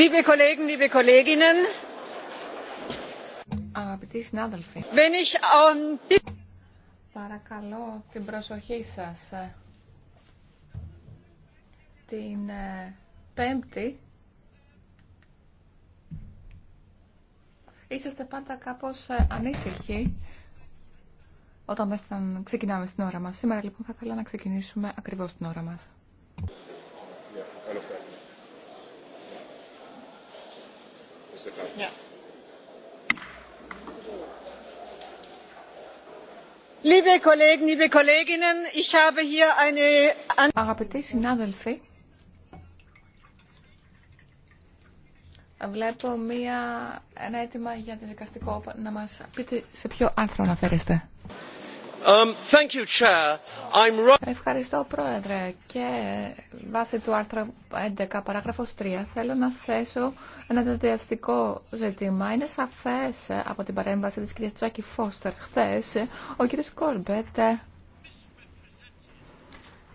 Liebe Kollegen, liebe Kolleginnen, Αγαπητοί συνάδελφοι, παρακαλώ την προσοχή σας. Ε, την ε, Πέμπτη είσαστε πάντα κάπως ε, ανήσυχοι όταν δεν ξεκινάμε στην ώρα μας. Σήμερα λοιπόν θα ήθελα να ξεκινήσουμε ακριβώς την ώρα μας. Mr. Carter. Yeah. Liebe Kollegen, liebe Kolleginnen, Αγαπητοί συνάδελφοι, βλέπω μία, ένα αίτημα για δικαστικό να μας πείτε σε ποιο άρθρο αναφέρεστε. Um, thank you, Chair. I'm... Ευχαριστώ Πρόεδρε και βάσει του άρθρου 11 παράγραφος 3 θέλω να θέσω ένα δεδευτικό ζήτημα. Είναι σαφέ ε, από την παρέμβαση της κυρίας Τσάκη Φώστερ Χθε, ο κύριος Κόρμπετ ε,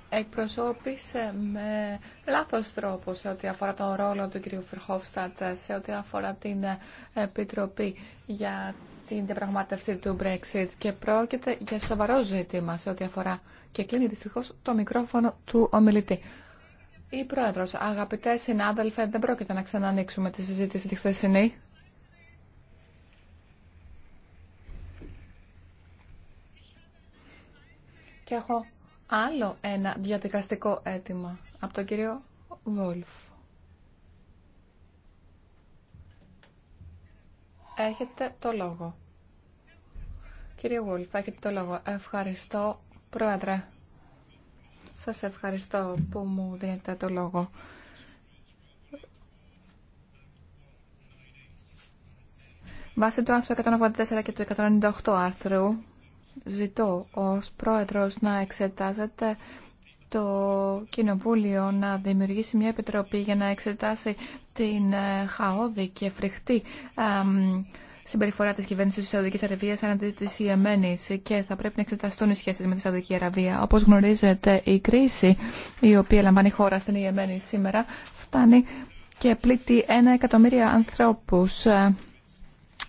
εκπροσώπησε με λάθος τρόπο σε ό,τι αφορά τον ρόλο του κυρίου Φερχόφστατ, ε, σε ό,τι αφορά την Επιτροπή για την διαπραγμάτευση του Brexit και πρόκειται για σοβαρό ζήτημα σε ό,τι αφορά και κλείνει δυστυχώ το μικρόφωνο του ομιλητή. Η Πρόεδρος, αγαπητέ συνάδελφε, δεν πρόκειται να ξανανοίξουμε τη συζήτηση τη χθεσινή. Και έχω άλλο ένα διαδικαστικό αίτημα από τον κύριο Βόλφ. Έχετε το λόγο. Κύριε Βόλφ, έχετε το λόγο. Ευχαριστώ, Πρόεδρε. Σας ευχαριστώ που μου δίνετε το λόγο. Βάσει του άρθρου 184 και του 198 άρθρου, ζητώ ως πρόεδρος να εξετάζεται το Κοινοβούλιο να δημιουργήσει μια επιτροπή για να εξετάσει την ε, χαόδη και φρικτή συμπεριφορά τη κυβέρνηση τη Σαουδική Αραβία αντί τη Ιεμένη και θα πρέπει να εξεταστούν οι σχέσει με τη Σαουδική Αραβία. Όπω γνωρίζετε, η κρίση η οποία λαμβάνει η χώρα στην Ιεμένη σήμερα φτάνει και πλήττει ένα εκατομμύριο ανθρώπου.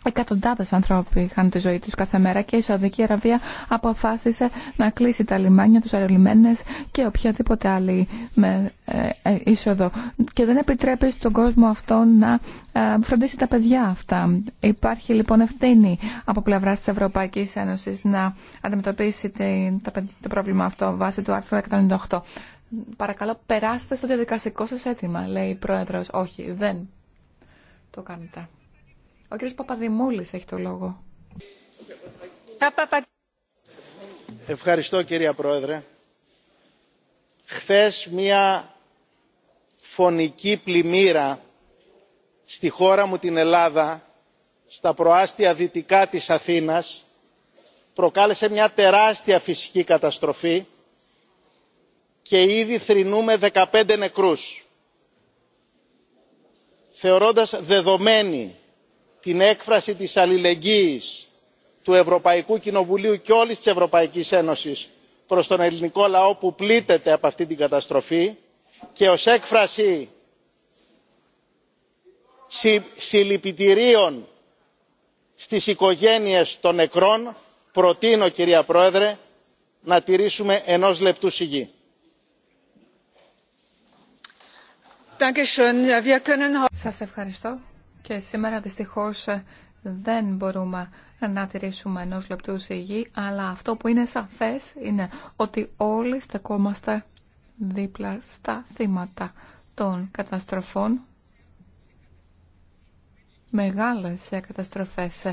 Εκατοντάδες ανθρώποι είχαν τη ζωή τους κάθε μέρα και η Σαουδική Αραβία αποφάσισε να κλείσει τα λιμάνια, τους αερολιμένες και οποιαδήποτε άλλη με, ε, ε, είσοδο. Και δεν επιτρέπει στον κόσμο αυτό να ε, φροντίσει τα παιδιά αυτά. Υπάρχει λοιπόν ευθύνη από πλευρά της Ευρωπαϊκής Ένωσης να αντιμετωπίσει το πρόβλημα αυτό βάσει του άρθρου 198. Παρακαλώ, περάστε στο διαδικαστικό σας αίτημα, λέει η Πρόεδρος. Όχι, δεν το κάνετε. Ο κ. Παπαδημούλης έχει το λόγο. Ευχαριστώ κυρία Πρόεδρε. Χθες μία φωνική πλημμύρα στη χώρα μου την Ελλάδα, στα προάστια δυτικά της Αθήνας, προκάλεσε μια τεράστια φυσική καταστροφή και ήδη θρηνούμε 15 νεκρούς. Θεωρώντας δεδομένη την έκφραση της αλληλεγγύης του ευρωπαϊκού κοινοβουλίου και όλης της ευρωπαϊκής ένωσης προς τον ελληνικό λαό που πλήττεται από αυτή την καταστροφή και ως έκφραση συλληπιτηρίων στις οικογένειες των νεκρών προτείνω κυρία πρόεδρε να τηρήσουμε ενός λεπτού σιγή. Σας ευχαριστώ. Και σήμερα δυστυχώς δεν μπορούμε να τηρήσουμε ενό λεπτού γη, αλλά αυτό που είναι σαφές είναι ότι όλοι στεκόμαστε δίπλα στα θύματα των καταστροφών, μεγάλες καταστροφές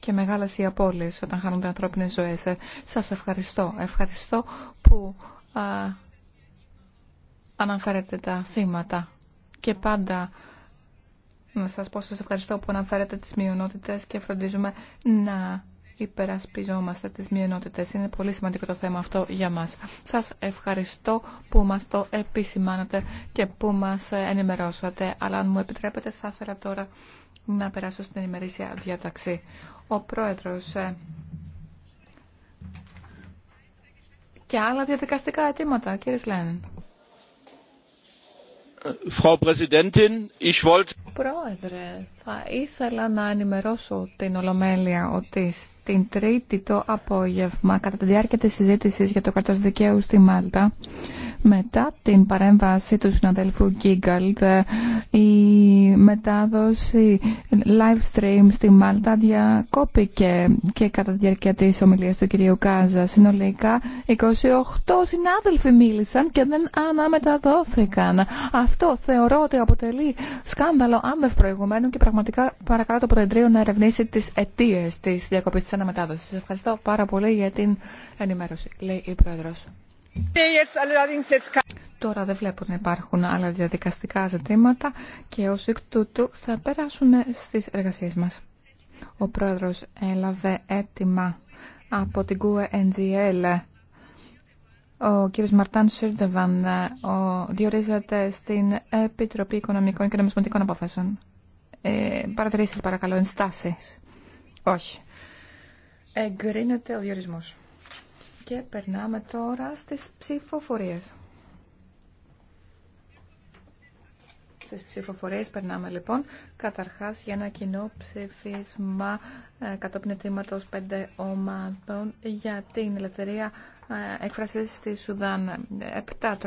και μεγάλες οι απώλειες όταν χάνονται ανθρώπινες ζωές. Σας ευχαριστώ. Ευχαριστώ που α, αναφέρετε τα θύματα και πάντα να σας πω σας ευχαριστώ που αναφέρετε τις μειονότητες και φροντίζουμε να υπερασπιζόμαστε τις μειονότητες. Είναι πολύ σημαντικό το θέμα αυτό για μας. Σας ευχαριστώ που μας το επισημάνατε και που μας ενημερώσατε. Αλλά αν μου επιτρέπετε θα ήθελα τώρα να περάσω στην ενημερήσια διάταξη. Ο Πρόεδρος ε, και άλλα διαδικαστικά αιτήματα, κύριε Σλένιν. Πρόεδρε, θα ήθελα να ενημερώσω την Ολομέλεια ότι στην Τρίτη το απόγευμα, κατά τη διάρκεια της συζήτησης για το κράτος δικαίου στη Μάλτα, μετά την παρέμβαση του συναδέλφου Γκίγκαλτ, η μετάδοση live stream στη Μάλτα διακόπηκε και κατά τη διάρκεια της ομιλίας του κυρίου Κάζα. Συνολικά 28 συνάδελφοι μίλησαν και δεν αναμεταδόθηκαν. Αυτό θεωρώ ότι αποτελεί σκάνδαλο άμευ προηγουμένου και πραγματικά παρακαλώ το Προεδρείο να ερευνήσει τις αιτίες της διακοπής της αναμετάδοσης. Ευχαριστώ πάρα πολύ για την ενημέρωση, λέει η Πρόεδρος. Τώρα δεν βλέπουν να υπάρχουν άλλα διαδικαστικά ζητήματα και ως εκ τούτου θα περάσουμε στις εργασίες μας. Ο πρόεδρος έλαβε έτοιμα από την GUE NGL. Ο κ. Μαρτάν Σιρντεβαν ε, διορίζεται στην Επιτροπή Οικονομικών και Νομισματικών Αποφάσεων. Ε, παρατηρήσεις παρακαλώ, ενστάσεις. Όχι. Εγκρίνεται ο διορισμός. Και περνάμε τώρα στις ψηφοφορίες. Στις ψηφοφορίες περνάμε λοιπόν καταρχάς για ένα κοινό ψηφίσμα ε, κατόπιν ετήματος πέντε ομάδων για την ελευθερία ε, έκφρασης στη Σουδάν. Επτά